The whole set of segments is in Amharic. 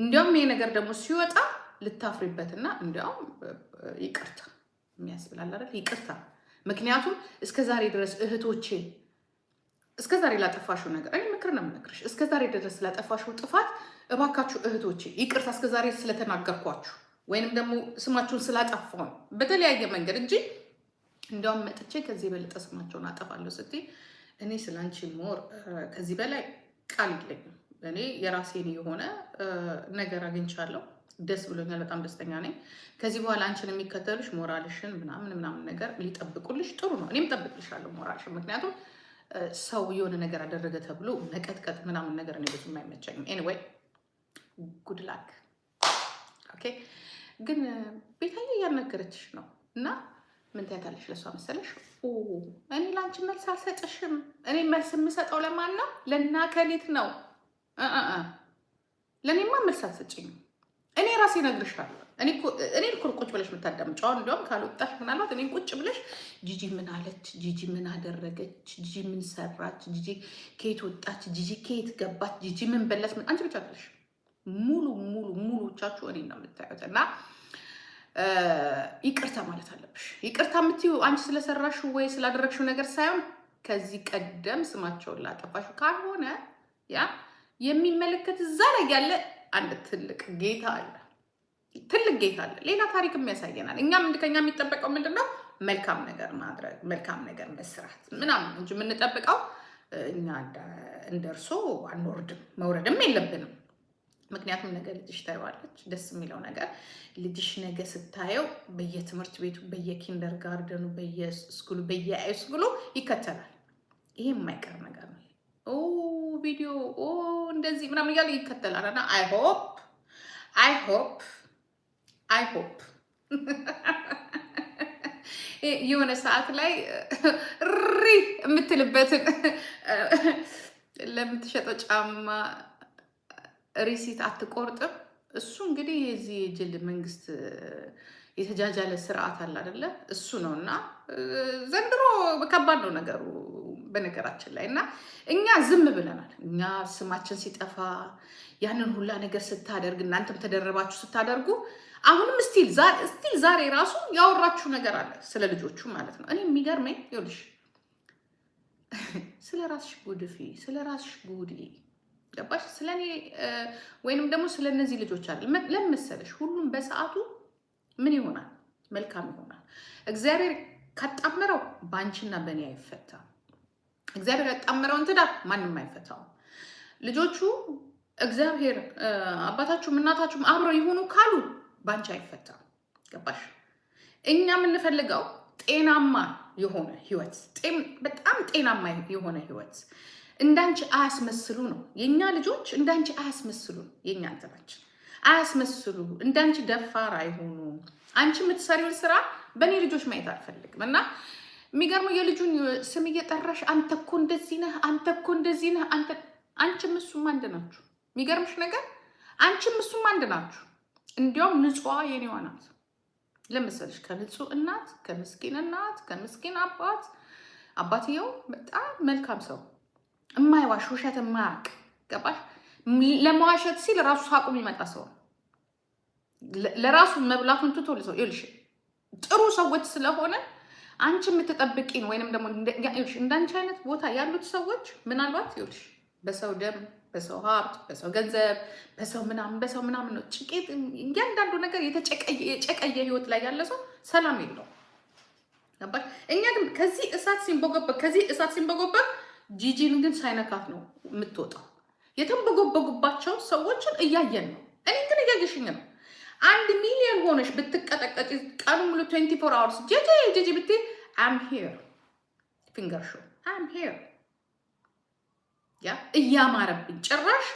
እንዲያውም ይሄ ነገር ደግሞ ሲወጣ ልታፍሪበትና እንዲያውም ይቅርታ የሚያስብላል አይደል? ይቅርታ ምክንያቱም እስከ ዛሬ ድረስ እህቶቼ እስከ ዛሬ ላጠፋሽው ነገር እኔ ምክር ነው የምነግርሽ። እስከ ዛሬ ድረስ ላጠፋሽው ጥፋት እባካችሁ እህቶቼ ይቅርታ፣ እስከ ዛሬ ስለተናገርኳችሁ ወይንም ደግሞ ስማችሁን ስላጠፋሁን በተለያየ መንገድ እንጂ እንዲያውም መጥቼ ከዚህ የበለጠ ስማቸውን አጠፋለሁ ስትይ እኔ ስለ አንቺ ሞር ከዚህ በላይ ቃል የለኝም። እኔ የራሴን የሆነ ነገር አግኝቻለሁ። ደስ ብሎኛል። በጣም ደስተኛ ነኝ። ከዚህ በኋላ አንቺን የሚከተሉሽ ሞራልሽን ምናምን ምናምን ነገር ሊጠብቁልሽ ጥሩ ነው። እኔም ጠብቅልሻለሁ ሞራልሽን። ምክንያቱም ሰው የሆነ ነገር አደረገ ተብሎ መቀጥቀጥ ምናምን ነገር እኔ ብዙም አይመቸኝም። ኤኒዌይ ጉድ ላክ። ኦኬ። ግን ቤታዬ እያነገረችሽ ነው እና ምን ታያታለሽ? ለእሷ መሰለሽ እኔ ለአንቺ መልስ አልሰጥሽም። እኔ መልስ የምሰጠው ለማን ነው? ለእናከሊት ነው። ለእኔማ መልስ አትሰጭኝም። እኔ ራሴ እነግርሻለሁ። እኔን እኮ ቁጭ ብለሽ የምታዳምጪው አሁን እንዲያውም ካልወጣሽ ምናልባት እኔን ቁጭ ብለሽ ጂጂ ምን አለች፣ ጂጂ ምን አደረገች፣ ጂጂ ምን ሰራች፣ ጂጂ ከየት ወጣች፣ ጂጂ ከየት ገባች፣ ጂጂ ምን በላች፣ ምን አንቺ ብቻ ትለሽ ሙሉ ሙሉ ሙሉቻችሁ እኔን ነው የምታዩት እና ይቅርታ ማለት አለብሽ። ይቅርታ የምትይው አንቺ ስለሰራሽው ወይ ስላደረግሽው ነገር ሳይሆን ከዚህ ቀደም ስማቸውን ላጠፋሽው ካልሆነ ያ የሚመለከት እዛ ላይ ያለ አንድ ትልቅ ጌታ አለ። ትልቅ ጌታ አለ። ሌላ ታሪክም ያሳየናል። እኛም ከኛ የሚጠበቀው ምንድነው? መልካም ነገር ማድረግ፣ መልካም ነገር መስራት ምናምን እንጂ የምንጠብቀው እኛ እንደ እርሶ አንወርድም፣ መውረድም የለብንም። ምክንያቱም ነገ ልጅሽ ታየዋለች። ደስ የሚለው ነገር ልጅሽ ነገ ስታየው በየትምህርት ቤቱ፣ በየኪንደር ጋርደኑ፣ በየስኩሉ በየአይስኩሉ ይከተላል። ይሄ የማይቀር ነገር ነው። ቪዲዮ እንደዚህ ምናምን እያለ ይከተላል እና አይ ሆፕ አይ ሆፕ አይ ሆፕ የሆነ ሰዓት ላይ ሪ የምትልበትን ለምትሸጠው ጫማ ሪሲት አትቆርጥም። እሱ እንግዲህ የዚህ የጅል መንግስት የተጃጃለ ስርዓት አለ አይደለ? እሱ ነው እና ዘንድሮ ከባድ ነው ነገሩ። በነገራችን ላይ እና እኛ ዝም ብለናል። እኛ ስማችን ሲጠፋ ያንን ሁላ ነገር ስታደርግ እናንተም ተደረባችሁ ስታደርጉ አሁንም ስቲል ዛሬ ራሱ ያወራችሁ ነገር አለ ስለ ልጆቹ ማለት ነው። እኔ የሚገርመኝ ይኸውልሽ ስለ ራስሽ ጉድፊ ስለ ራስሽ ጉድ ገባሽ? ስለ እኔ ወይንም ደግሞ ስለ እነዚህ ልጆች አለ ለምን መሰለሽ? ሁሉም በሰዓቱ ምን ይሆናል መልካም ይሆናል። እግዚአብሔር ካጣመረው በአንቺና በእኔ አይፈታም። እግዚአብሔር ያጣመረውን ትዳር ማንም አይፈታው። ልጆቹ እግዚአብሔር አባታችሁም እናታችሁም አብረው የሆኑ ካሉ ባንቺ አይፈታም። ገባሽ? እኛ የምንፈልገው ጤናማ የሆነ ህይወት፣ በጣም ጤናማ የሆነ ህይወት እንዳንቺ አያስመስሉ ነው። የእኛ ልጆች እንዳንቺ አያስመስሉ ነው። የእኛ እንትናችን አያስመስሉ፣ እንዳንቺ ደፋር አይሆኑ። አንቺ የምትሰሪውን ስራ በእኔ ልጆች ማየት አልፈልግም እና የሚገርመው የልጁን ስም እየጠራሽ አንተ እኮ እንደዚህ ነህ፣ አንተ እኮ እንደዚህ ነህ፣ አንተ አንቺም እሱም አንድ ናችሁ። የሚገርምሽ ነገር አንቺም እሱም አንድ ናችሁ። እንዲያውም ንጹዋ የኔዋ ናት ለመሰለሽ ከንጹህ እናት ከምስኪን እናት ከምስኪን አባት አባትየው በጣም መልካም ሰው የማይዋሽ ውሸት የማያውቅ ገባሽ? ለመዋሸት ሲል ራሱ ሳቁ የሚመጣ ሰው ለራሱ መብላቱን ትቶ ሰው ይልሽ ጥሩ ሰዎች ስለሆነ አንቺ የምትጠብቂን ወይንም ደግሞ እንዳንቺ አይነት ቦታ ያሉት ሰዎች ምናልባት ይኸውልሽ በሰው ደም፣ በሰው ሀብት፣ በሰው ገንዘብ፣ በሰው ምናምን በሰው ምናምን ነው ጭቄት። እያንዳንዱ ነገር የጨቀየ ህይወት ላይ ያለ ሰው ሰላም የለው። ገባሽ? እኛ ግን ከዚህ እሳት ሲንቦጎበት ከዚህ እሳት ሲንቦጎበት ጂጂን ግን ሳይነካት ነው የምትወጣው። የተንበጎበጉባቸው ሰዎችን እያየን ነው። እኔ ግን እያየሽኝ ነው አንድ ሚሊዮን ሆነሽ ብትቀጠቀጭ ቀኑ ሙሉ 24 አወርስ ጀጀ ጀጀ ብትይ አም ሄር ፊንገር ሾ አም ሄር ያ እያማረብኝ ጭራሽ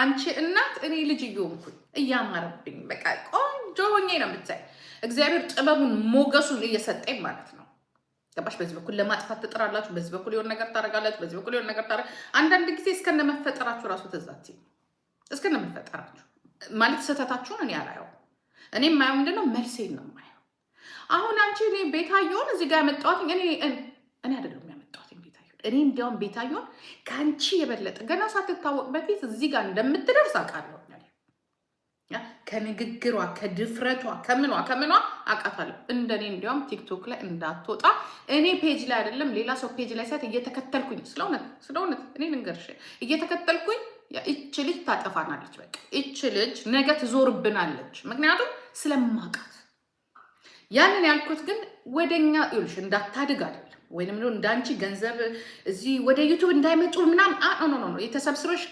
አንቺ እናት እኔ ልጅ እየሆንኩኝ እያማረብኝ በቃ ቆንጆ ሆኜ ነው የምታይ። እግዚአብሔር ጥበቡን ሞገሱን እየሰጠኝ ማለት ነው። ገባሽ? በዚህ በኩል ለማጥፋት ትጥራላችሁ፣ በዚህ በኩል የሆነ ነገር ታደርጋላችሁ፣ በዚህ በኩል የሆነ ነገር ታደርጋ። አንዳንድ ጊዜ እስከነመፈጠራችሁ ራሱ ተዛት እስከነመፈጠራችሁ ማለት ስህተታችሁን እኔ አላየው። እኔ የማየው ምንድነው መልሴን ነው የማየው። አሁን አንቺ ቤታየሆን እዚህ ጋር ያመጣዋት እኔ አይደለም ያመጣዋት ቤታየውን። እኔ እንዲያውም ቤታየሆን ከአንቺ የበለጠ ገና ሳትታወቅ በፊት እዚህ ጋር እንደምትደርስ አውቃለሁ። ከንግግሯ ከድፍረቷ ከምኗ ከምኗ አውቃታለሁ። እንደኔ እንዲያውም ቲክቶክ ላይ እንዳትወጣ እኔ ፔጅ ላይ አይደለም ሌላ ሰው ፔጅ ላይ ሳት እየተከተልኩኝ ስለእውነት ስለእውነት እኔ ልንገርሽ እየተከተልኩኝ እች ልጅ ታጠፋናለች፣ በቃ እች ልጅ ነገ ትዞርብናለች፣ ምክንያቱም ስለማውቃት። ያንን ያልኩት ግን ወደኛ ይኸውልሽ እንዳታድግ አይደለም ወይም እንዳንቺ ገንዘብ እዚህ ወደ ዩቱብ እንዳይመጡ ምናምን ኖ የተሰብስበሽ